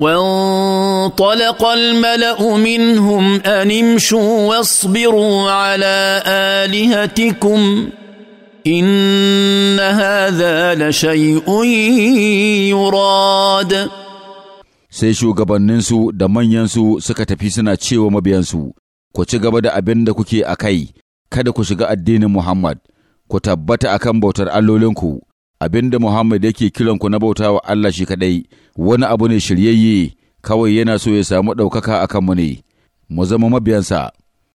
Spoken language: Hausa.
وانطلق الملا منهم ان امشوا واصبروا على الهتكم ان هذا لشيء يراد sai shugabanninsu da manyansu suka tafi suna cewa mabiyansu ku ci gaba da abin da kuke a kai kada ku shiga addinin muhammad ku tabbata akan bautar allolinku abin da Muhammad yake kiran ku na bauta wa Allah shi kaɗai, wani abu ne shiryayye, kawai yana so ya samu ɗaukaka a kanmu ne, mu zama mabiyansa.